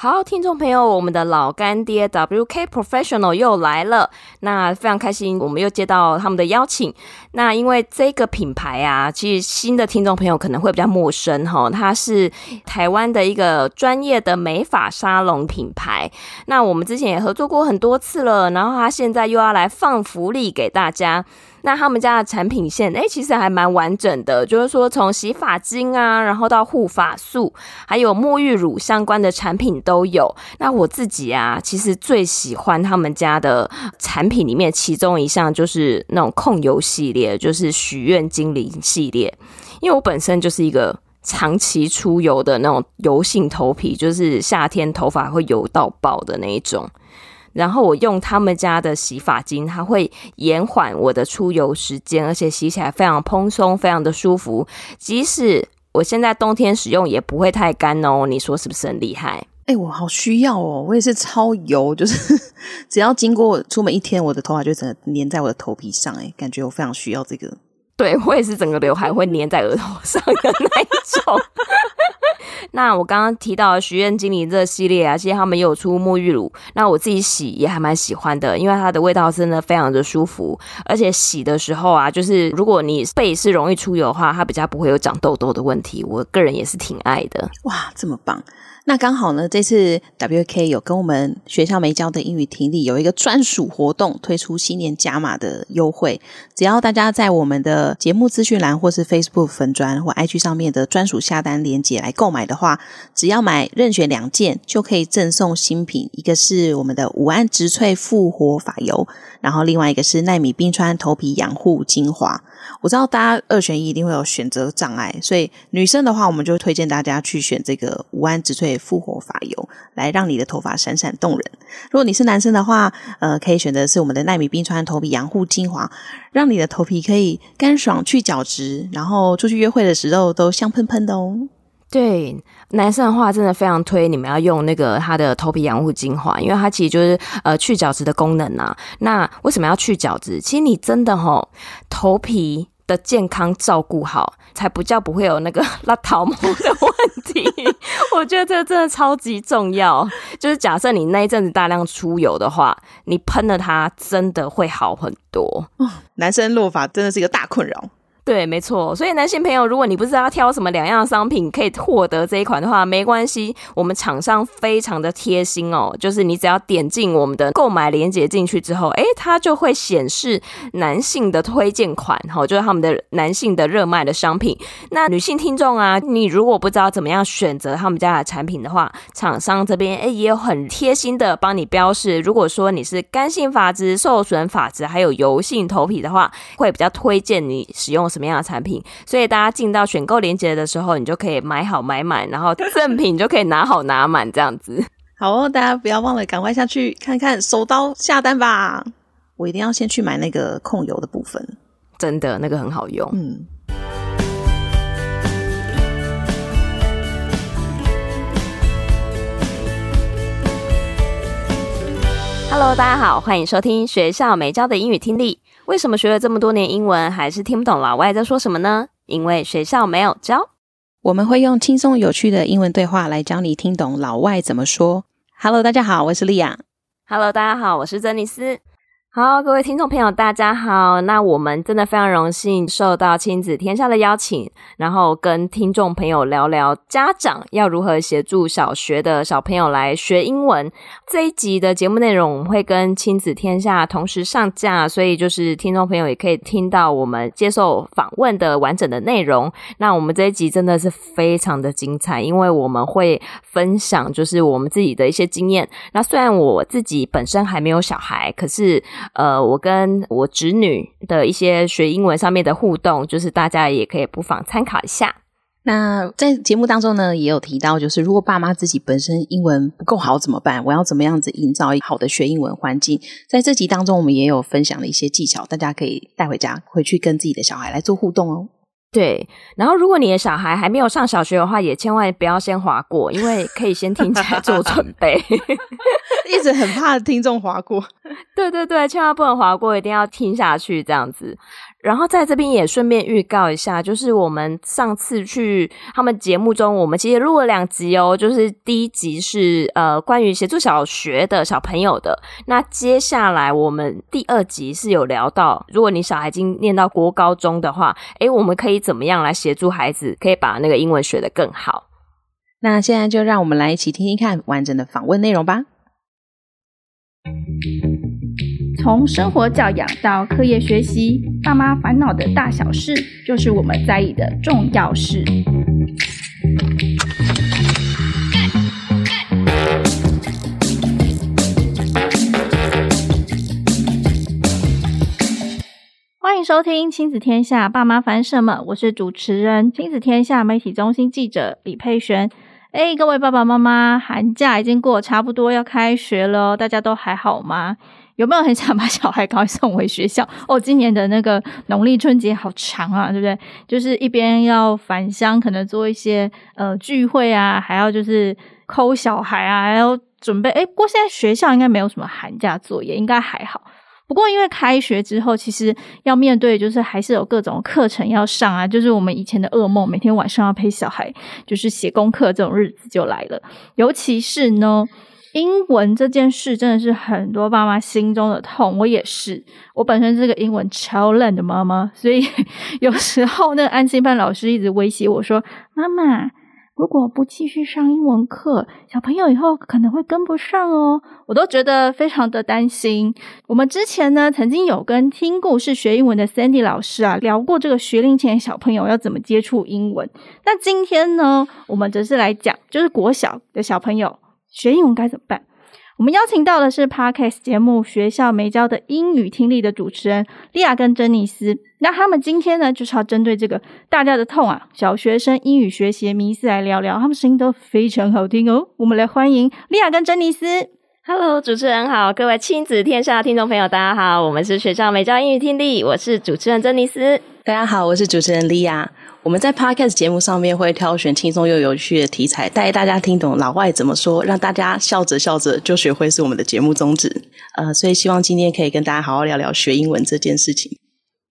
好，聽眾朋友，我們的老乾爹 WK Professional 又來了，那非常開心，我們又接到他們的邀請。那因為這個品牌啊，其實新的聽眾朋友可能會比較陌生哈，它是台灣的一個專業的美髮沙龍品牌。那我們之前也合作過很多次了，然後他現在又要來放福利給大家。那他們家的產品線，哎、欸，其實還蠻完整的，就是說，從洗髮精啊，然後到護髮素，還有沐浴乳相關的產品都有。那我自己啊，其實最喜歡他們家的產品裡面，其中一項就是那種控油系列，就是許願精靈系列，因為我本身就是一個長期出油的那種油性頭皮，就是夏天頭髮會油到爆的那一種。然後我用他們家的洗髮精，它會延緩我的出油時間，而且洗起來非常蓬鬆，非常的舒服。即使我現在冬天使用，也不會太乾哦。你說是不是很厲害？哎、欸，我好需要哦！我也是超油，就是呵呵只要經過出門一天，我的頭髮就整個粘在我的頭皮上，哎，感覺我非常需要這個。對我也是，整個劉海會粘在額頭上的那一種。 那我剛剛提到許願精靈這個系列啊，現在他們也有出沐浴乳，那我自己洗也還蠻喜歡的，因為它的味道真的非常的舒服，而且洗的時候啊，就是如果你背是容易出油的話，它比較不會有長痘痘的問題，我個人也是挺愛的。哇，這麼棒！那剛好呢，這次 WK 有跟我們學校沒教的英語聽力有一個專屬活動，推出新年加碼的優惠，只要大家在我們的節目資訊欄或是 Facebook 粉專、或 IG 上面的專屬下單鏈接來購買的話，只要買任選兩件就可以贈送新品，一個是我們的五胺植萃賦活髮油，然後另外一個是奈米冰川頭皮養護精華。我知道大家二選一一定會有選擇障礙，所以女生的話，我們就推薦大家去選這個五胺植萃賦活髮油，來讓你的頭髮閃閃動人。如果你是男生的話，呃，可以選擇是我們的奈米冰川頭皮養護精華，讓你的頭皮可以乾爽去角質，然後出去約會的時候都香噴噴的哦。對，男生的話，真的非常推你們要用那個他的頭皮養護精華，因為它其實就是呃去角質的功能啊。那為什麼要去角質？其實你真的吼，頭皮的健康照顧好，才比較不會有那個拉頭毛的問題。 我覺得這個真的超級重要。就是假設你那一陣子大量出油的話，你噴了它，真的會好很多。男生落髮真的是一個大困擾。對，沒錯。所以男性朋友，如果你不知道要挑什麼兩樣商品可以獲得這一款的話，沒關係。我們廠商非常的貼心哦、喔，就是你只要點進我們的購買鏈接進去之後，哎、欸，它就會顯示男性的推薦款，哈、喔，就是他們的男性的熱賣的商品。那女性聽眾啊，你如果不知道怎麼樣選擇他們家的產品的話，廠商這邊哎、欸、也有很貼心的幫你標示。如果說你是乾性髮質、受損髮質，還有油性頭皮的話，會比較推薦你使用什麼，什麼樣的產品？所以大家進到選購鏈接的時候，你就可以買好買滿，然後贈品就可以拿好拿滿這樣子。 好哦，大家不要忘了，趕快下去看看手刀下單吧！我一定要先去買那個控油的部分，真的那個很好用。嗯。Hello，大家好，歡迎收聽學校沒教的英語聽力。為什麼學了這麼多年英文，還是聽不懂老外在說什麼呢？因為學校沒有教。我們會用輕鬆有趣的英文對話來教你聽懂老外怎麼說。Hello，大家好，我是 Leah。Hello，大家好，我是珍妮絲。好，各位聽眾朋友，大家好。那我們真的非常榮幸受到親子天下的邀請，然後跟聽眾朋友聊聊家長要如何協助小學的小朋友來學英文。這一集的節目內容我們會跟親子天下同時上架，所以就是聽眾朋友也可以聽到我們接受訪問的完整的內容。那我們這一集真的是非常的精彩，因為我們會分享就是我們自己的一些經驗。那雖然我自己本身還沒有小孩，可是呃，我跟我侄女的一些學英文上面的互動，就是大家也可以不妨參考一下。那在節目當中呢，也有提到，就是如果爸媽自己本身英文不夠好怎麼辦？我要怎麼樣子營造一個好的學英文環境？在這集當中，我們也有分享了一些技巧，大家可以帶回家，回去跟自己的小孩來做互動哦。對，然後如果你的小孩還沒有上小學的話，也千萬不要先滑過，因為可以先聽起來做準備。 一直很怕聽眾滑過， 對對對，千萬不能滑過，一定要聽下去這樣子。然後在這邊也順便預告一下，就是我們上次去他們節目中，我們其實錄了兩集哦。就是第一集是呃關於協助小學的小朋友的，那接下來我們第二集是有聊到，如果你小孩已經念到國高中的話，誒，我們可以怎麼樣來協助孩子可以把那個英文學得更好？那現在就讓我們來一起聽聽看完整的訪問內容吧。嗯從生活教養到課業學習，爸媽煩惱的大小事，就是我們在意的重要事。哎哎、歡迎收聽《親子天下》，爸媽煩什麼？我是主持人、親子天下媒體中心記者李佩璇。哎，各位爸爸媽媽，寒假已經過，差不多要開學了，大家都還好嗎？有沒有很想把小孩趕快送回學校哦？今年的那個農曆春節好長啊，對不對？就是一邊要返鄉，可能做一些呃聚會啊，還要就是摳小孩啊，還要準備。誒、欸、不過現在學校應該沒有什麼寒假作業，應該還好。不過因為開學之後，其實要面對就是還是有各種課程要上啊，就是我們以前的噩夢，每天晚上要陪小孩就是寫功課這種日子就來了，尤其是呢。英文這件事真的是很多爸媽心中的痛，我也是。我本身是個英文超爛的媽媽，所以有時候那個安心班老師一直威脅我說：“媽媽，如果不繼續上英文課，小朋友以後可能會跟不上哦。”我都覺得非常的擔心。我們之前呢，曾經有跟聽故事學英文的 Sandy 老師啊聊過這個學齡前小朋友要怎麼接觸英文。那今天呢，我們則是來講，就是國小的小朋友。學英文該怎麼辦？我們邀請到的是 Podcast 節目《學校沒教的英語聽力》的主持人莉亞跟珍妮斯。那他們今天呢，就是要針對這個大家的痛啊——小學生英語學習迷思來聊聊。他們聲音都非常好聽哦。我們來歡迎莉亞跟珍妮斯。Hello，主持人好，各位親子天下的聽眾朋友，大家好，我們是學校沒教英語聽力，我是主持人珍妮斯。大家好，我是主持人莉亞。我們在 podcast 節目上面會挑選輕鬆又有趣的題材，帶大家聽懂老外怎麼說，讓大家笑着笑着就學會，是我們的節目宗旨。呃，所以希望今天可以跟大家好好聊聊學英文這件事情。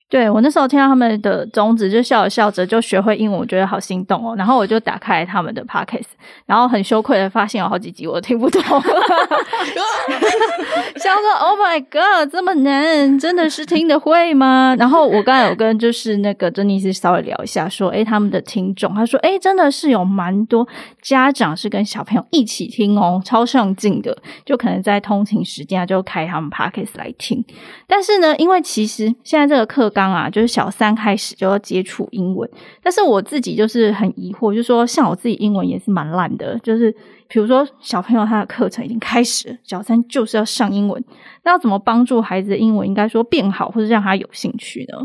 對，我那時候聽到他們的宗旨，就笑着笑着就學會英文，我覺得好心動哦。然後我就打開他們的 podcast，然後很羞愧的發現有好幾集我都聽不懂，想說 “Oh my god，這麼難，真的是聽得會嗎？” 然後我剛才有跟就是那個珍妮絲稍微聊一下，說：“哎、欸，他們的聽眾，他說：哎、欸，真的是有蠻多家長是跟小朋友一起聽哦，超上進的，就可能在通勤時間、啊、就開他們 podcast 來聽。但是呢，因為其實現在這個課。剛啊，就是小三開始就要接觸英文，但是我自己就是很疑惑，就是說像我自己英文也是蠻爛的，就是比如說小朋友他的課程已經開始了，小三就是要上英文，那要怎麼幫助孩子的英文應該說變好，或者讓他有興趣呢？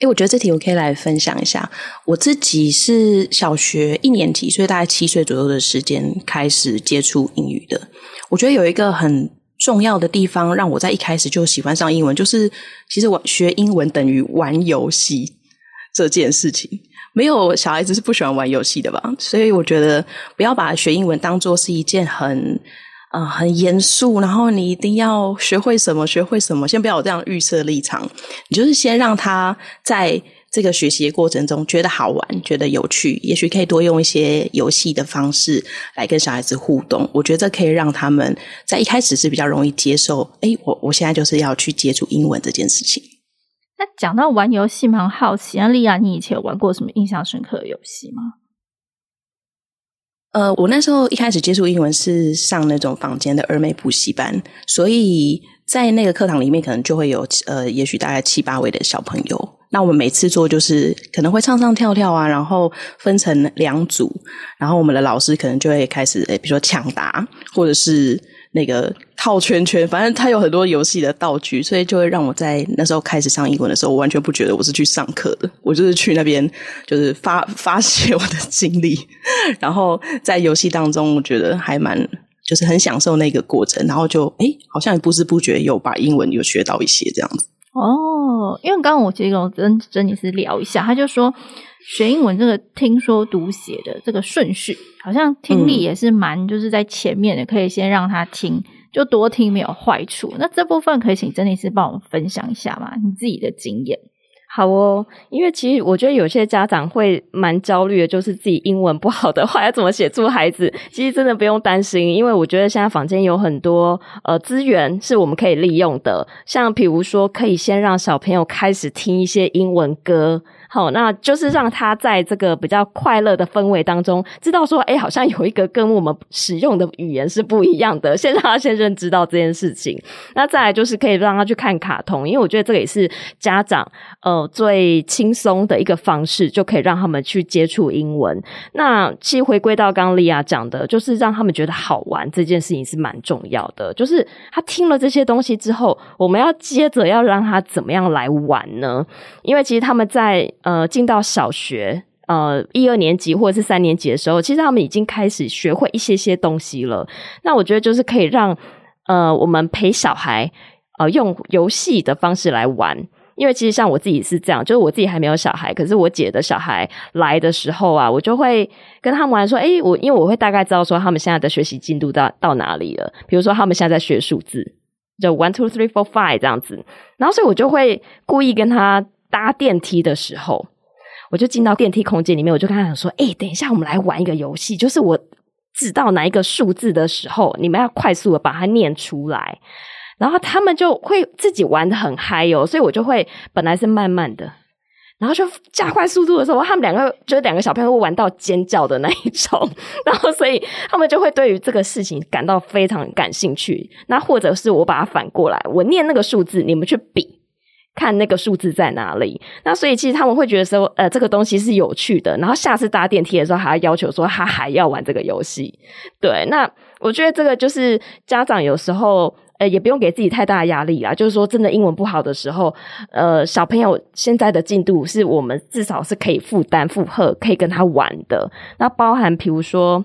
誒、欸，我覺得這題我可以來分享一下，我自己是小學一年級，所以大概七歲左右的時間開始接觸英語的，我覺得有一個很重要的地方讓我在一開始就喜歡上英文，就是其實玩學英文等於玩遊戲這件事情，沒有小孩子是不喜歡玩遊戲的吧？所以我覺得不要把學英文當做是一件很，呃，很嚴肅，然後你一定要學會什麼學會什麼。先不要有這樣預設立場，你就是先讓他在。這個學習的過程中覺得好玩，覺得有趣，也許可以多用一些遊戲的方式來跟小孩子互動。我覺得這可以讓他們在一開始是比較容易接受。哎、欸，我我現在就是要去接觸英文這件事情。那講到玩遊戲，蠻好奇，那莉亞，你以前有玩過什麼印象深刻的遊戲嗎？呃，我那時候一開始接觸英文是上那種坊間的二妹補習班，所以在那個課堂裡面，可能就會有呃，也許大概七八位的小朋友。那我們每次做就是可能會唱唱跳跳啊，然後分成兩組，然後我們的老師可能就會開始，哎，比如說搶答或者是那個套圈圈，反正他有很多遊戲的道具，所以就會讓我在那時候開始上英文的時候，我完全不覺得我是去上課的，我就是去那邊就是發發洩我的精力，然後在遊戲當中，我覺得還蠻就是很享受那個過程，然後就哎，好像也不知不覺有把英文有學到一些這樣子。哦，因為剛剛我其實跟珍妮絲聊一下，他就說學英文這個聽說讀寫的這個順序，好像聽力也是蠻就是在前面的，可以先讓他聽，就多聽沒有壞處。那這部分可以請珍妮絲幫我們分享一下嗎？你自己的經驗。好哦，因為其實我覺得有些家長會蠻焦慮的，就是自己英文不好的話要怎麼協助孩子。其實真的不用擔心，因為我覺得現在坊間有很多呃資源是我們可以利用的，像比如說可以先讓小朋友開始聽一些英文歌。好，那就是讓他在這個比較快樂的氛圍當中，知道說，誒、欸，好像有一個跟我們使用的語言是不一樣的，先讓他先認知到這件事情。那再來就是可以讓他去看卡通，因為我覺得這個也是家長呃最輕鬆的一個方式，就可以讓他們去接觸英文。那其實回歸到剛 Leah 講的，就是讓他們覺得好玩這件事情是蠻重要的。就是他聽了這些東西之後，我們要接着要讓他怎麼樣來玩呢？因為其實他們在。呃，進到小學呃一二年級或者是三年級的時候，其實他們已經開始學會一些些東西了。那我覺得就是可以讓呃我們陪小孩呃，用遊戲的方式來玩，因為其實像我自己是這樣，就是我自己還沒有小孩，可是我姐的小孩來的時候啊，我就會跟他們玩說，欸，我因為我會大概知道說他們現在的學習進度到到哪裡了，比如說他們現在在學數字，就 one two three four five 這樣子，然後所以我就會故意跟他。搭電梯的時候，我就進到電梯空間裡面，我就跟他說：“哎、欸，等一下，我們來玩一個遊戲，就是我知道哪一個數字的時候，你們要快速的把它念出來。”然後他們就會自己玩得很嗨哦，所以我就會本來是慢慢的，然後就加快速度的時候，他們兩個就兩個小朋友會玩到尖叫的那一種，然後所以他們就會對於這個事情感到非常感興趣。那或者是我把它反過來，我念那個數字，你們去比。看那個數字在哪裡，那所以其實他們會覺得說，呃，這個東西是有趣的，然後下次搭電梯的時候，還要要求說他還要玩這個遊戲。對，那我覺得這個就是家長有時候呃，也不用給自己太大壓力啦，就是說真的英文不好的時候，呃，小朋友現在的進度是我們至少是可以負擔負荷，可以跟他玩的，那包含比如說。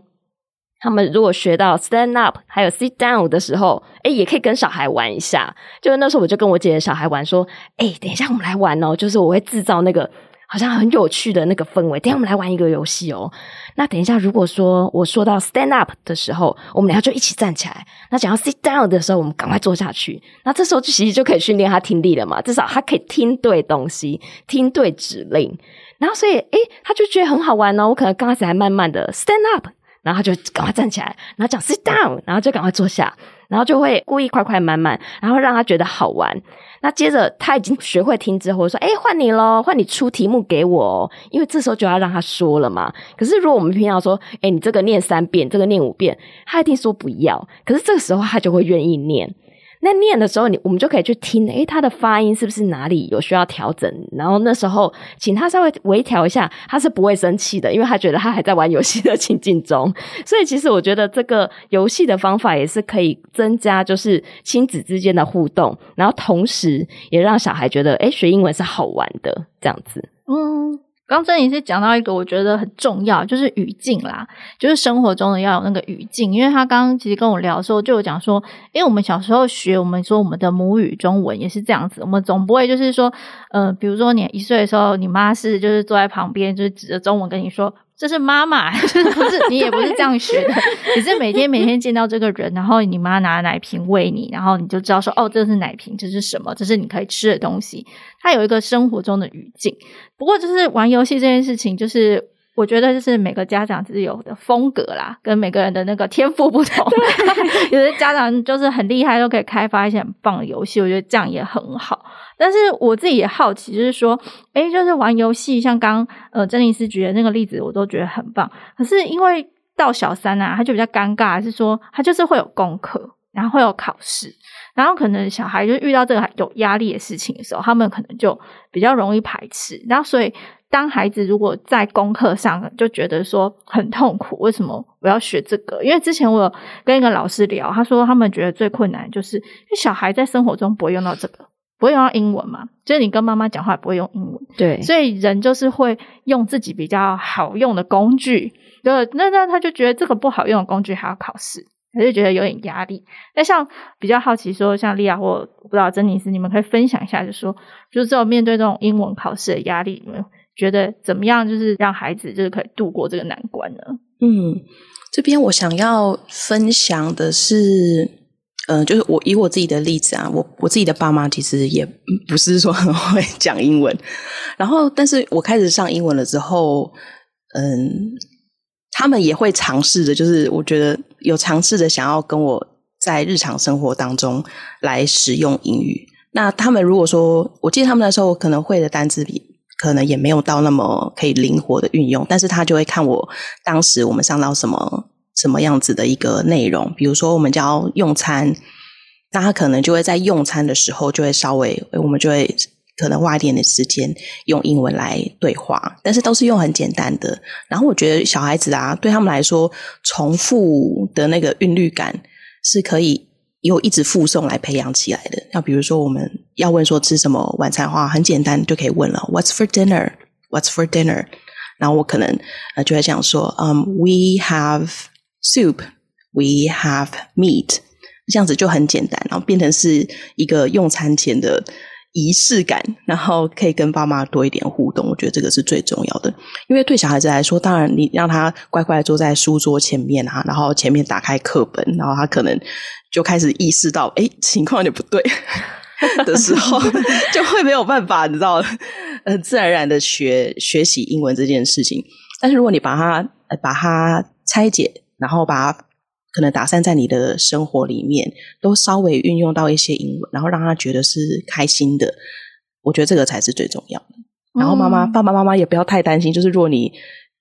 他們如果學到 stand up，還有 sit down 的時候，誒也可以跟小孩玩一下。就是那時候，我就跟我姐的小孩玩，說：“誒等一下，我們來玩哦。”就是我會制造那個好像很有趣的那個氛圍。等一下我們來玩一個遊戲哦。那等一下，如果說我說到 stand up 的時候，我們倆就一起站起來；那想要 sit down 的時候，我們趕快坐下去。那這時候其實就可以訓練他聽力了嘛？至少他可以聽對東西，聽對指令。然後所以，誒他就覺得很好玩哦。我可能剛開始還慢慢的 stand up。然後他就趕快站起來，然後講 sit down，然後就趕快坐下，然後就會故意快快慢慢，然後讓他覺得好玩。那接着他已經學會聽之後，說：“哎，換你咯，換你出題目給我哦，因為這時候就要讓他說了嘛。”可是如果我們平常說：“哎，你這個念三遍，這個念五遍”，他一定說不要。可是這個時候他就會願意念。那念的時候，我們就可以去聽，哎、欸，他的發音是不是哪裡有需要調整？然後那時候請他稍微微調一下，他是不會生氣的，因為他覺得他還在玩遊戲的情境中。所以其實我覺得這個遊戲的方法也是可以增加就是親子之間的互動，然後同時也讓小孩覺得，哎、欸，學英文是好玩的這樣子。嗯。剛才珍妮絲講到一個我覺得很重要，就是語境啦，就是生活中的要有那個語境。因為他剛剛其實跟我聊的時候，就有講說，因為我們小時候學，我們說我們的母語中文也是這樣子，我們總不會就是說，呃，比如說你一歲的時候，你媽是就是坐在旁邊，就是指着中文跟你說。這是媽媽，就是、不是你也不是這樣學的？你 對 是每天每天見到這個人，然後你媽拿奶瓶餵你，然後你就知道說哦，這是奶瓶，這是什麼？這是你可以吃的東西。它有一個生活中的語境。不過，就是玩遊戲這件事情，就是。我覺得就是每個家長自有的風格啦，跟每個人的那個天賦不同。對 有的家長就是很厲害，都可以開發一些很棒的遊戲。我覺得這樣也很好。但是我自己也好奇，就是說，誒就是玩遊戲，像剛剛呃珍妮絲舉的那個例子，我都覺得很棒。可是因為到小三啊，他就比較尷尬，是說他就是會有功課，然後會有考試，然後可能小孩就遇到這個有壓力的事情的時候，他們可能就比較容易排斥。然後所以。當孩子如果在功課上就覺得說很痛苦，為什麼我要學這個？因為之前我有跟一個老師聊，他說他們覺得最困難就是小孩在生活中不會用到這個，不會用到英文嘛，就是你跟媽媽講話不會用英文。對，所以人就是會用自己比較好用的工具，對，那那他就覺得這個不好用的工具還要考試，他就覺得有點壓力。那像比較好奇說，像莉亞或不知道珍妮絲，你們可以分享一下就，就說就是這種面對這種英文考試的壓力，你們覺得怎麼樣？就是讓孩子就是可以度過這個難關呢？嗯，這邊我想要分享的是，嗯、呃，就是我以我自己的例子啊，我我自己的爸媽其實也不是說很會講英文，然後但是我開始上英文了之後，嗯，他們也會嘗試着，就是我覺得有嘗試着想要跟我在日常生活當中來使用英語。那他們如果說，我記得他們那時候可能會的單字比可能也沒有到那麼可以靈活的運用，但是他就會看我當時我們上到什麼什麼樣子的一個內容，比如說我們要用餐，那他可能就會在用餐的時候就會稍微我們就會可能花一點點時間用英文來對話，但是都是用很簡單的。然後我覺得小孩子啊，對他們來說，重複的那個韻律感是可以由一直復誦來培養起來的。那比如說我們。要問說吃什麼晚餐的話，很簡單就可以問了。What's for dinner? What's for dinner? 然後我可能就會這樣說，嗯，um，We have soup. We have meat. 這樣子就很簡單，然後變成是一個用餐前的儀式感，然後可以跟爸媽多一點互動。我覺得這個是最重要的，因為對小孩子來說，當然你讓他乖乖坐在書桌前面啊，然後前面打開課本，然後他可能就開始意識到，哎，情況有點不對。 的時候就會沒有辦法，你知道，呃，自然而然的學學習英文這件事情。但是如果你把它把它拆解，然後把它可能打散在你的生活裡面，都稍微運用到一些英文，然後讓他覺得是開心的，我覺得這個才是最重要的。然後媽媽，嗯，爸爸媽媽也不要太擔心，就是若你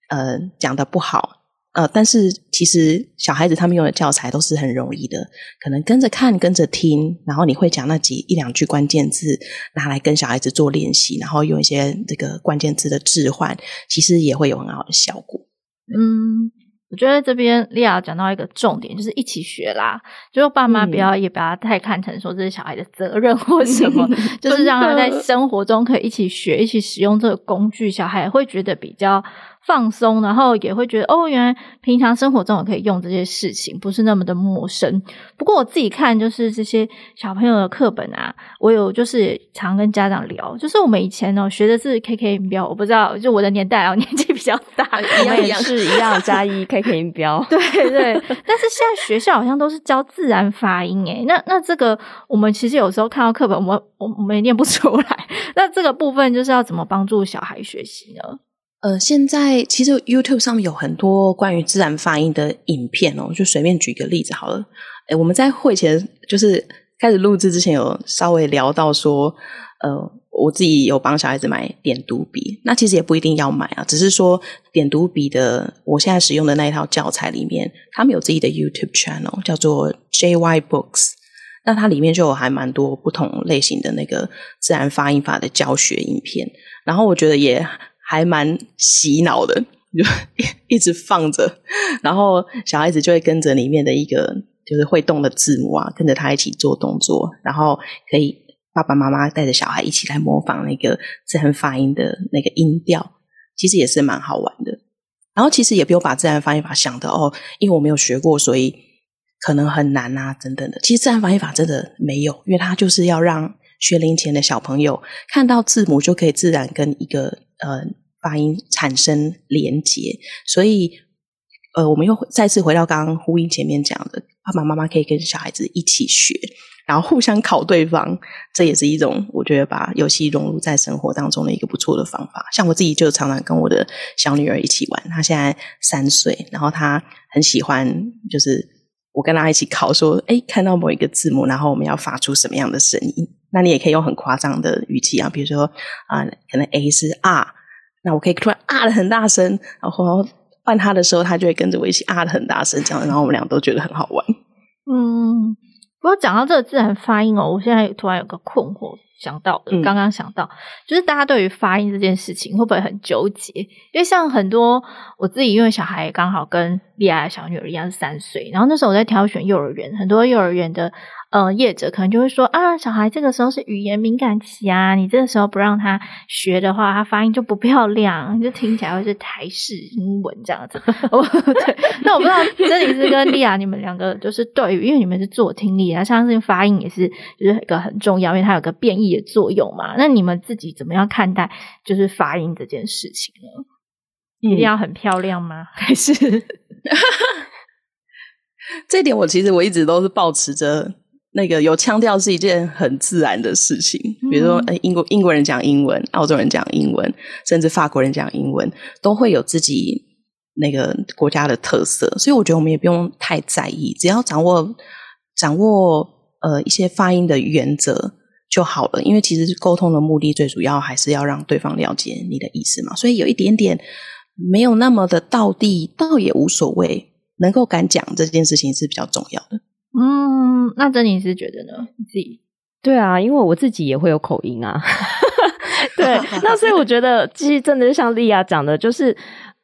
呃講的不好。呃，但是其實小孩子他們用的教材都是很容易的，可能跟着看、跟着聽，然後你會講那幾一兩句關鍵字，拿來跟小孩子做練習，然後用一些這個關鍵字的置換，其實也會有很好的效果。嗯，我覺得這邊利亞講到一個重點，就是一起學啦，就是爸媽不要、嗯、也不要太看成說，這是小孩的責任或什麼， 的就是讓他在生活中可以一起學、一起使用這個工具，小孩會覺得比較放鬆，然後也會覺得哦，原來平常生活中也可以用這些事情，不是那麼的陌生。不過我自己看，就是這些小朋友的課本啊，我有就是常跟家長聊，就是我們以前哦學的是 K K 音標，我不知道，就我的年代哦、啊，年紀比較大， 一也是一樣加一 K K 音標， 對對。但是現在學校好像都是教自然發音，誒那那這個我們其實有時候看到課本，我們我們也念不出來。那這個部分就是要怎麼幫助小孩學習呢？呃，現在其實 YouTube 上面有很多關於自然發音的影片哦，就隨便舉一個例子好了。欸，我們在會前就是開始錄製之前，有稍微聊到說，呃，我自己有幫小孩子買點讀筆，那其實也不一定要買啊，只是說點讀筆的，我現在使用的那一套教材裡面，他們有自己的 YouTube channel，叫做 JY Books，那它裡面就有還蠻多不同類型的那個自然發音法的教學影片，然後我覺得也。還蠻洗腦的，就一直放着，然後小孩子就會跟着裡面的一個就是會動的字母啊，跟着他一起做動作，然後可以爸爸媽媽帶着小孩一起來模仿那個自然發音的那個音調，其實也是蠻好玩的。然後其實也不用把自然發音法想的哦，因為我沒有學過，所以可能很難啊，等等的。其實自然發音法真的沒有，因為它就是要讓學齡前的小朋友看到字母就可以自然跟一個。呃，發音產生連結，所以呃，我們又再次回到剛剛呼應前面講的，爸爸媽媽可以跟小孩子一起學，然後互相考對方，這也是一種我覺得把遊戲融入在生活當中的一個不錯的方法。像我自己就常常跟我的小女兒一起玩，她現在三歲，然後她很喜歡，就是我跟她一起考說，哎、欸，看到某一個字母，然後我們要發出什麼樣的聲音。那你也可以用很誇張的語氣啊，比如說啊，可能 A 是 R，、啊、那我可以突然 R、啊、的很大聲，然後換他的時候，他就會跟着我一起 R、啊、的很大聲，這樣，然後我們倆都覺得很好玩。嗯，不過講到這個自然發音哦，我現在突然有個困惑，想到剛剛、嗯、想到，就是大家對於發音這件事情會不會很糾結？因為像很多我自己因為小孩也剛好跟 Leah 的小女兒一樣是三歲，然後那時候我在挑選幼兒園，很多幼兒園的。呃，業者可能就會說啊，小孩這個時候是語言敏感期啊，你這個時候不讓他學的話，他發音就不漂亮，就聽起來會是台式英文這樣子。 哦、對，那我不知道珍妮絲跟莉亞，你們兩個就是對，因為你們是做聽力啊，他相信發音也是，就是一個很重要，因為它有個變異的作用嘛。那你們自己怎麼樣看待就是發音這件事情呢？嗯、一定要很漂亮嗎？ 還是？ 這點我其實我一直都是抱持著。那個有腔調是一件很自然的事情，比如說，英國、嗯、英國人講英文，澳洲人講英文，甚至法國人講英文，都會有自己那個國家的特色。所以我覺得我們也不用太在意，只要掌握掌握呃一些發音的原則就好了。因為其實溝通的目的最主要還是要讓對方了解你的意思嘛。所以有一點點沒有那麼的道地，倒也無所謂。能夠敢講這件事情是比較重要的。嗯，那珍妮絲覺得呢？自己對啊，因為我自己也會有口音啊。 對， 那所以我覺得，其實真的像莉亞講的，就是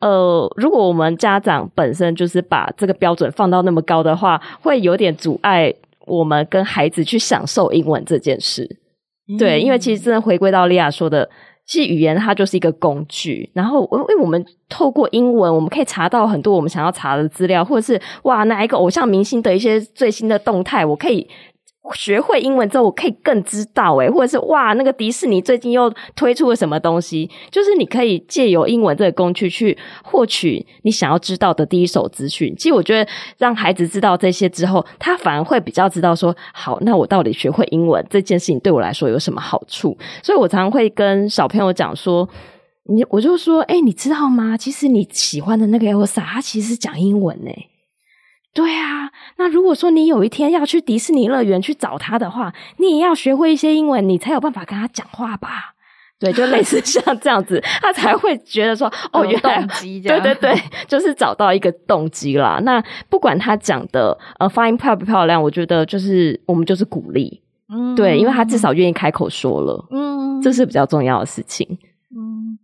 呃，如果我們家長本身就是把這個標準放到那麼高的話，會有點阻礙我們跟孩子去享受英文這件事。嗯、對，因為其實真的回歸到莉亞說的。其實語言它就是一個工具，然後因為我們透過英文，我們可以查到很多我們想要查的資料，或者是，哇，哪一個偶像明星的一些最新的動態，我可以。學會英文之後，我可以更知道哎、欸，或者是哇，那個迪士尼最近又推出了什麼東西？就是你可以借由英文這個工具去獲取你想要知道的第一手資訊。其實我覺得，讓孩子知道這些之後，他反而會比較知道說，好，那我到底學會英文這件事情對我來說有什麼好處？所以我常常會跟小朋友講說，你我就說，哎、欸，你知道嗎？其實你喜歡的那個艾莎，她其實講英文呢、欸。對啊，那如果說你有一天要去迪士尼樂園去找他的話，你也要學會一些英文，你才有辦法跟他講話吧？對，就類似像這樣子， 他才會覺得說哦，有、哦、來動機這樣，對對對，就是找到一個動機了。 那不管他講的呃發音漂不漂亮，我覺得就是我們就是鼓勵，嗯，對，因為他至少願意開口說了，嗯，這是比較重要的事情。嗯，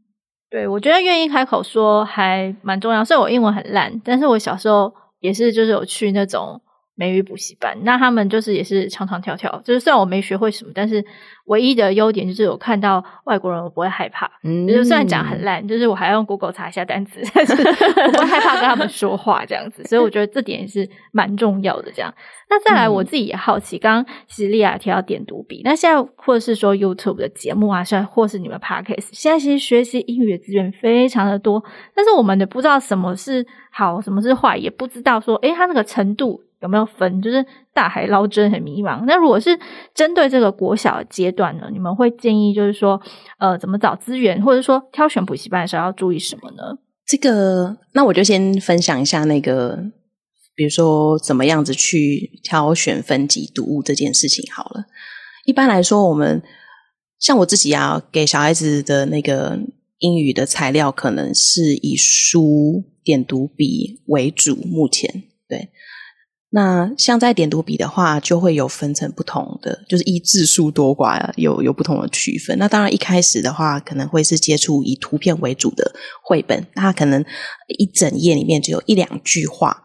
對，我覺得願意開口說還蠻重要。雖然我英文很爛，但是我小時候。也是，就是有去那種美語補習班，那他們就是也是唱唱跳跳，就是雖然我沒學會什麼，但是唯一的優點就是我看到外國人我不會害怕，嗯，就算講很爛，就是我還要用 Google 查一下單詞，但是我不會害怕跟他們說話這樣子， 所以我覺得這點也是蠻重要的。這樣，那再來我自己也好奇，嗯、剛剛 Leah 提到點讀筆，那現在或者是說 YouTube 的節目啊，或是你們 Podcast，現在其實學習英語的資源非常的多，但是我們也不知道什麼是好，什麼是壞，也不知道說，誒它那個程度。有沒有分？就是大海撈針，很迷茫。那如果是針對這個國小階段呢，你們會建議就是說，呃，怎麼找資源，或者說挑選補習班的時候要注意什麼呢？嗯。這個，那我就先分享一下那個，比如說怎麼樣子去挑選分級讀物這件事情好了。一般來說，我們像我自己啊，給小孩子的那個英語的材料，可能是以書、點讀筆為主。目前，對。那像在點讀筆的話，就會有分成不同的，就是一字數多寡啊，有有不同的區分。那當然一開始的話，可能會是接觸以圖片為主的繪本，那可能一整頁裡面只有一兩句話。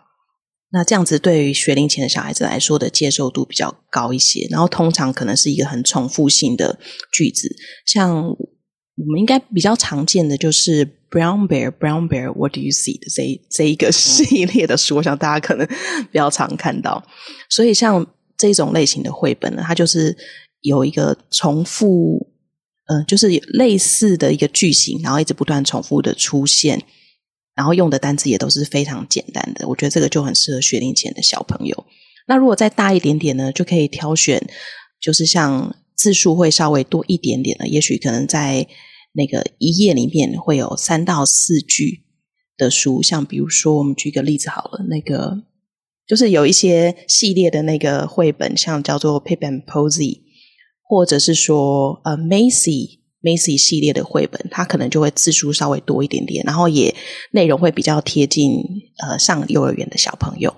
那這樣子對於學齡前的小孩子來說的接受度比較高一些。然後通常可能是一個很重複性的句子，像。我們應該比較常見的就是 Brown Bear, Brown Bear, What do you see? 的這一這一個系列的書，我想大家可能比較常看到。所以像這種類型的繪本呢，它就是有一個重複，嗯、呃，就是類似的一個句型，然後一直不斷重複的出現，然後用的單詞也都是非常簡單的。我覺得這個就很適合學齡前的小朋友。那如果再大一點點呢，就可以挑選，就是像。字數會稍微多一點點的，也許可能在那個一頁裡面會有三到四句的書。像比如說，我們舉個例子好了，那個就是有一些系列的那個繪本，像叫做《Pip and Posy》，或者是說呃《Macy Macy》系列的繪本，它可能就會字數稍微多一點點，然後也內容會比較貼近呃上幼兒園的小朋友。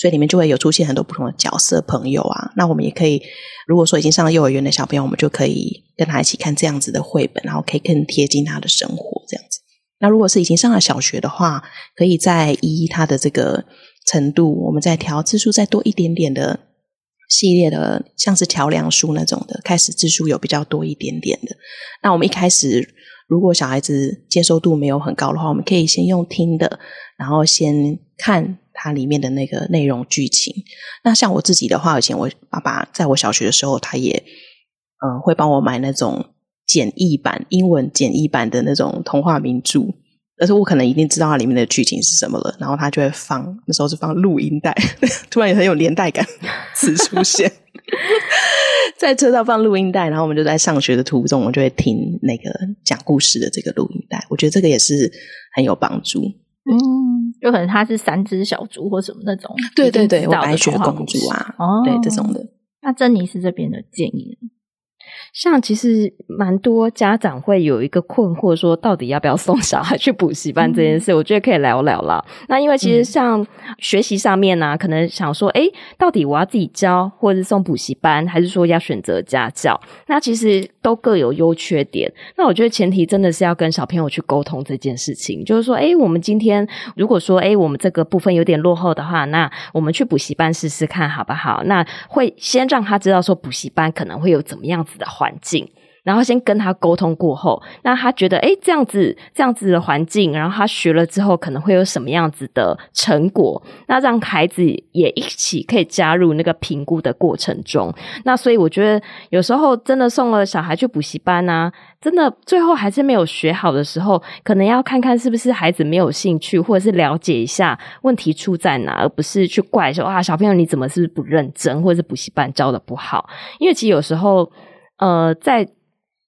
所以裡面就會有出現很多不同的角色朋友啊，那我們也可以，如果說已經上了幼兒園的小朋友，我們就可以跟他一起看這樣子的繪本，然後可以更貼近他的生活這樣子。那如果是已經上了小學的話，可以再依他的這個程度，我們再調字數再多一點點的系列的，像是橋梁書那種的，開始字數有比較多一點點的。那我們一開始如果小孩子接受度沒有很高的話，我們可以先用聽的，然後先看。它裡面的那個內容劇情，那像我自己的話，以前我爸爸在我小學的時候，他也嗯、呃、會幫我買那種簡易版英文簡易版的那種童話名著，但是我可能已經知道它裡面的劇情是什麼了，然後他就會放，那時候是放錄音帶，突然也很有年代感，此出現 在車上放錄音帶，然後我們就在上學的途中，我們就會聽那個講故事的這個錄音帶，我覺得這個也是很有幫助，嗯。就可能他是三隻小豬或什麼那種，對對對，或白雪公主啊，啊哦，對這種的。那珍妮絲這邊的建議。像其實蠻多家長會有一個困惑，說到底要不要送小孩去補習班這件事，嗯、我覺得可以聊聊了。嗯、那因為其實像學習上面呢、啊，可能想說，嗯、誒，到底我要自己教，或者是送補習班，還是說要選擇家教？那其實都各有優缺點。那我覺得前提真的是要跟小朋友去溝通這件事情，就是說，誒，我們今天如果說，誒，我們這個部分有點落後的話，那我們去補習班試試看好不好？那會先讓他知道說，補習班可能會有怎麼樣子的環境，然後先跟他溝通過後，那他覺得哎，這樣子這樣子的環境，然後他學了之後可能會有什麼樣子的成果？那讓孩子也一起可以加入那個評估的過程中。那所以我覺得有時候真的送了小孩去補習班啊，真的最後還是沒有學好的時候，可能要看看是不是孩子沒有興趣，或者是了解一下問題出在哪，而不是去怪說啊，小朋友你怎麼是不、是不認真，或者是補習班教得不好？因為其實有時候。呃，在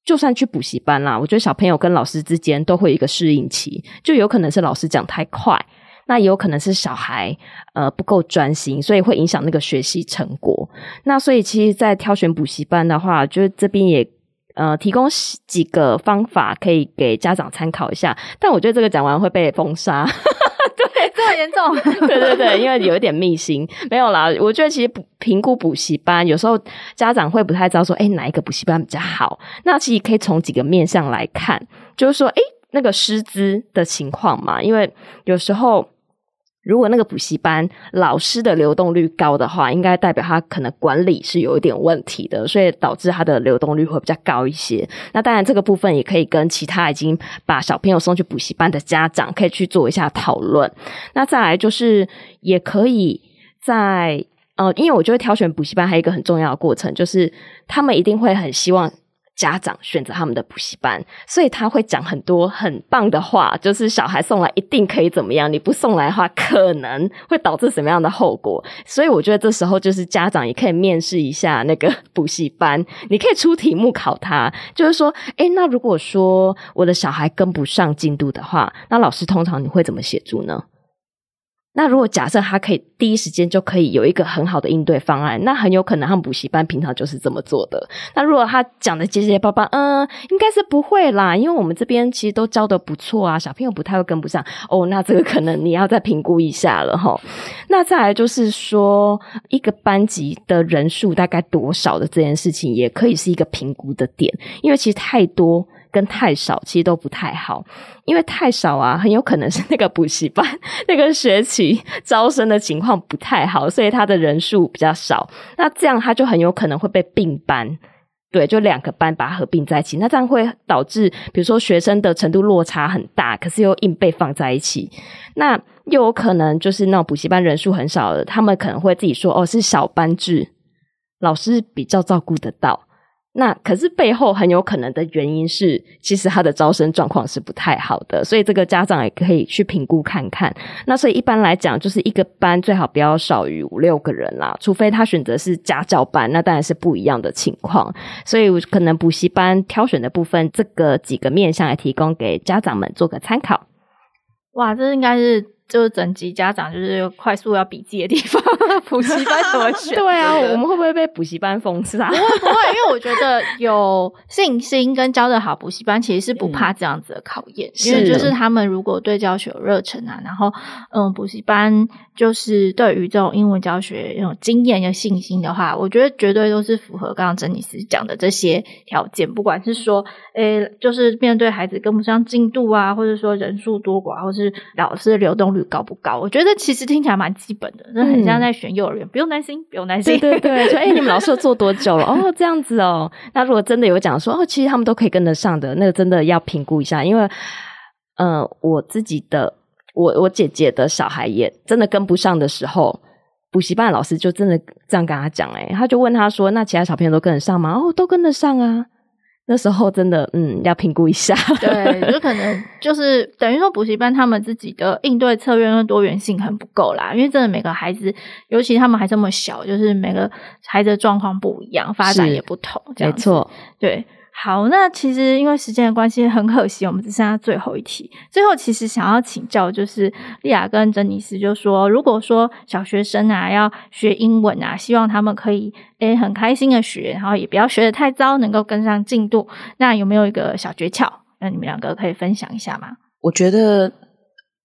就算去補習班啦，我覺得小朋友跟老師之間都會有一個適應期，就有可能是老師講太快，那也有可能是小孩呃不夠專心，所以會影響那個學習成果。那所以其實，在挑選補習班的話，就是這邊也呃提供幾個方法，可以給家長參考一下。但我覺得這個講完會被封殺。 嚴嚴重， 對對對，因為有一點祕辛。沒有啦，我覺得其實評估補習班，有時候家長會不太知道說，哎、欸，哪一個補習班比較好？那其實可以從幾個面向來看，就是說，哎、欸，那個師資的情況嘛，因為有時候。如果那個補習班老師的流動率高的話，應該代表他可能管理是有一點問題的，所以導致他的流動率會比較高一些。那當然，這個部分也可以跟其他已經把小朋友送去補習班的家長可以去做一下討論。那再來就是，也可以在呃，因為我覺得挑選補習班，還有一個很重要的過程，就是他們一定會很希望。家長選擇他們的補習班，所以他會講很多很棒的話就是小孩送來一定可以怎麼樣，你不送來的話可能會導致什麼樣的後果。所以我覺得這時候就是家長也可以面試一下那個補習班，你可以出題目考他，就是說，哎，那如果說我的小孩跟不上進度的話，那老師通常你會怎麼協助呢？那如果假設他可以第一時間就可以有一個很好的應對方案，那很有可能他們補習班平常就是這麼做的。那如果他講得結結巴巴，嗯，應該是不會啦，因為我們這邊其實都教得不錯啊，小朋友不太會跟不上哦。那這個可能你要再評估一下了齁。那再來就是說，一個班級的人數大概多少的這件事情，也可以是一個評估的點，因為其實太多。跟太少其實都不太好，因為太少啊，很有可能是那個補習班那個學期招生的情況不太好，所以他的人數比較少。那這樣他就很有可能會被併班，對，就兩個班把它合併在一起。那這樣會導致，比如說學生的程度落差很大，可是又硬被放在一起。那又有可能就是那種補習班人數很少的，他們可能會自己說，哦，是小班制，老師比較照顧得到。那可是背後很有可能的原因是，其實他的招生狀況是不太好的，所以這個家長也可以去評估看看。那所以一般來講，就是一個班最好不要少於五六個人啦，除非他選擇是家教班，那當然是不一樣的情況。所以可能補習班挑選的部分，這個幾個面向來提供給家長們做個參考。哇，這應該是。就是整集家長就是快速要筆記的地方，補 習班怎麼選？ 對啊，我們會不會被補習班封殺啊？ 不會不會，因為我覺得有信心跟教得好，補習班其實是不怕這樣子的考驗。嗯、因為就是他們如果對教學有熱忱啊，然後嗯，補習班就是對於這種英文教學有經驗有信心的話，我覺得絕對都是符合剛剛珍妮絲講的這些條件。不管是說誒、欸，就是面對孩子跟不上進度啊，或者說人數多寡，或是老師的流動，率高不高？我覺得其實聽起來蠻基本的，那很像在選幼兒園，嗯、不用擔心，不用擔心。對對對，說哎、 欸，你們老師做多久了？哦，這樣子哦。那如果真的有講說哦，其實他們都可以跟得上的，那個真的要評估一下，因為，呃，我自己的，我我姐姐的小孩也真的跟不上的時候，補習班的老師就真的這樣跟他講，哎，他就問他說，那其他小朋友都跟得上嗎？哦，都跟得上啊。那時候真的，嗯，要評估一下。對，就可能就是等於說，補習班他們自己的應對策略跟多元性很不夠啦，因為真的每個孩子，尤其他們還這麼小，就是每個孩子的狀況不一樣，發展也不同這樣，沒錯，對。好，那其實因為時間的關係，很可惜我們只剩下最後一題。最後其實想要請教，就是莉亞跟珍妮絲，就說如果說小學生啊要學英文啊，希望他們可以誒、欸、很開心的學，然後也不要學得太糟，能夠跟上進度。那有沒有一個小訣竅？那你們兩個可以分享一下嗎？我覺得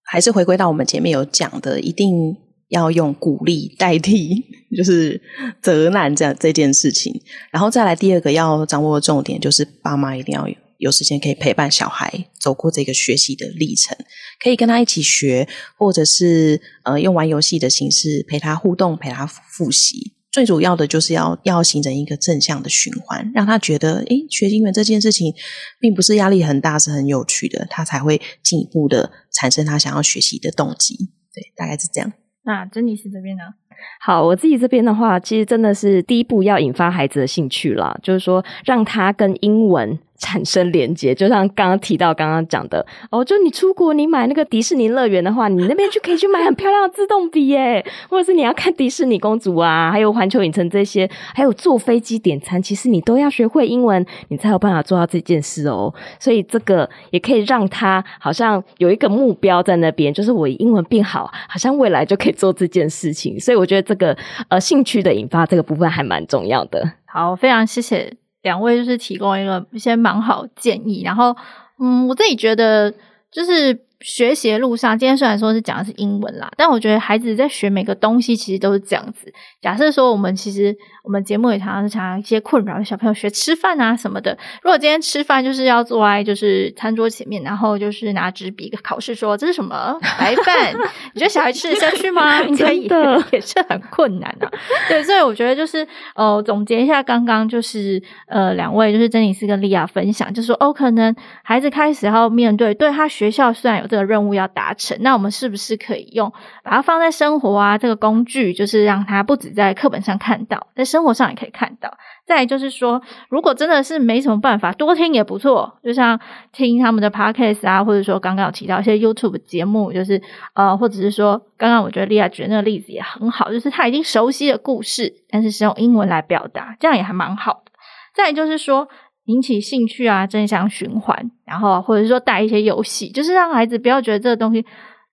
還是回歸到我們前面有講的，一定。要用鼓勵代替，就是責難這樣這件事情。然後再來第二個要掌握的重點，就是爸媽一定要有時間可以陪伴小孩走過這個學習的歷程，可以跟他一起學，或者是呃用玩遊戲的形式陪他互動、陪他複習。最主要的就是要要形成一個正向的循環，讓他覺得誒、欸，學英文這件事情並不是壓力很大，是很有趣的，他才會進一步的產生他想要學習的動機。對，大概是這樣。那珍妮絲這邊呢、啊？好，我自己這邊的話，其實真的是第一步要引發孩子的興趣了，就是說讓他跟英文，產生連結，就像剛剛提到剛剛講，剛剛講的哦，就你出國，你買那個迪士尼樂園的話，你那邊就可以去買很漂亮的自動筆耶， 或者是你要看迪士尼公主啊，還有環球影城這些，還有坐飛機點餐，其實你都要學會英文，你才有辦法做到這件事哦、喔。所以這個也可以讓他好像有一個目標在那邊，就是我以英文變好，好像未來就可以做這件事情。所以我覺得這個呃興趣的引發這個部分還蠻重要的。好，非常謝謝。兩位就是提供一個一些蠻好建議，然後嗯，我自己覺得就是學習的路上，今天雖然說是講的是英文啦，但我覺得孩子在學每個東西其實都是這樣子。假設說我們其實。我們節目也常常，是常常一些困擾小朋友學吃飯啊什麼的。如果今天吃飯就是要坐在就是餐桌前面，然後就是拿紙筆考試說這是什麼？白飯， 你覺得小孩吃得 下去嗎？以 的你也，也是很困難的、啊。對，所以我覺得就是呃總結一下剛剛就是呃兩位就是珍妮絲跟莉亞分享，就是說哦，可能孩子開始要面對，對他學校雖然有這個任務要達成，那我們是不是可以用把它放在生活啊這個工具，就是讓他不止在課本上看到，但是。生活上也可以看到。再就是說，如果真的是沒什麼辦法，多聽也不錯。就像聽他們的 Podcast 啊，或者說剛剛有提到一些 YouTube 節目，就是呃，或者是說剛剛我覺得 Leah 舉那個例子也很好，就是他已經熟悉的故事，但是是用英文來表達，這樣也還蠻好的。再就是說引起興趣啊，正向循環，然後或者是說帶一些遊戲，就是讓孩子不要覺得這個東西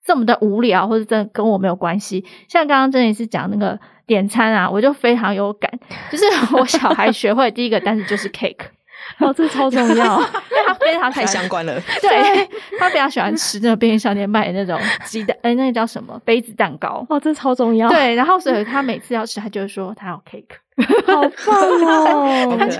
這麼的無聊，或者真的跟我沒有關係。像剛剛珍妮絲也是講那個。點餐啊，我就非常有感。就是我小孩學會第一個單詞就是 cake， 哦，這個超重要， 因為他非常太相關了。對 他比較喜歡吃，那個便利商店賣的那種雞蛋，誒、 欸、那個叫什麼？杯子蛋糕。哦，這超重要。對，然後所以他每次要吃，他就說他要 cake， 好棒哦。 他就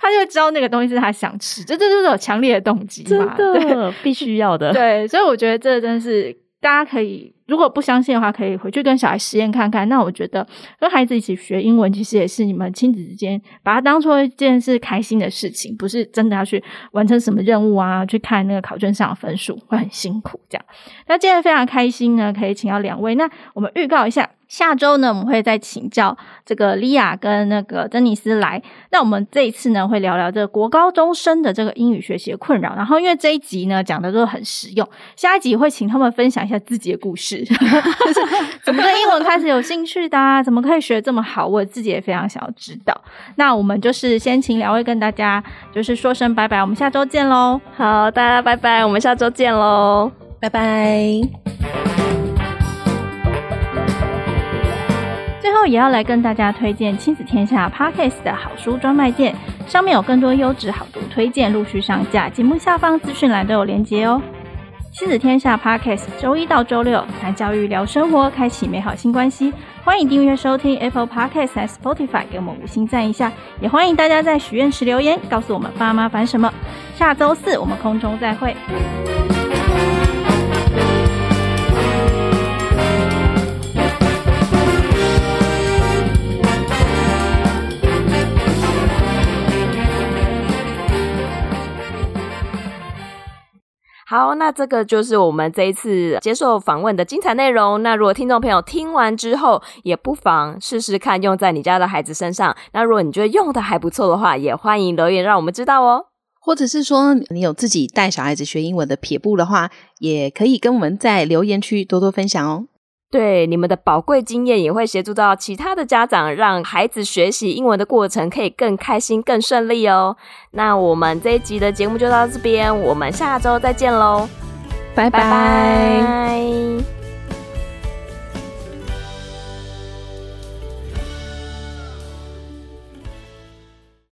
他就知道那個東西是他想吃，就這這這種強烈的動機嘛，真的對，必須要的。對，所以我覺得這真的是大家可以。如果不相信的話，可以回去跟小孩實驗看看。那我覺得跟孩子一起學英文，其實也是你們親子之間，把它當做一件是開心的事情，不是真的要去完成什麼任務啊，去看那個考卷上的分數會很辛苦，這樣。那今天非常開心呢，可以請到兩位。那我們預告一下，下周呢，我們會再請教這個 Leah 跟那個珍妮絲來。那我們這一次呢，會聊聊這個國高中生的這個英語學習的困擾。然後，因為這一集呢講的都很實用，下一集會請他們分享一下自己的故事。 怎麼對英文開始有興趣的啊？怎麼可以學這麼好？我自己也非常想要知道。那我們就是先請兩位跟大家就是說聲拜拜，我們下周見嘍！好，大家拜拜，我們下周見嘍！拜拜。最後也要來跟大家推薦《親子天下》Podcast 的好書專賣店，上面有更多優質好讀推薦陸續上架，節目下方資訊欄都有連結哦。親子天下 Podcast，周一到周六談教育、聊生活，開啟美好新關係。歡迎訂閱收聽 Apple Podcast 和 Spotify，給我們五星讚一下。也歡迎大家在許願池留言，告訴我們爸媽煩什麼。下周四我們空中再會。好，那這個就是我們這一次接受訪問的精彩內容。那如果聽眾朋友聽完之後，也不妨試試看用在你家的孩子身上。那如果你覺得用的還不錯的話，也歡迎留言讓我們知道哦。或者是說，你有自己帶小孩子學英文的撇步的話，也可以跟我們在留言區多多分享哦。對，你們的寶貴經驗也會協助到其他的家長，讓孩子學習英文的過程可以更開心、更順利哦。那我們這一集的節目就到這邊，我們下周再見嘍，拜拜拜。Bye bye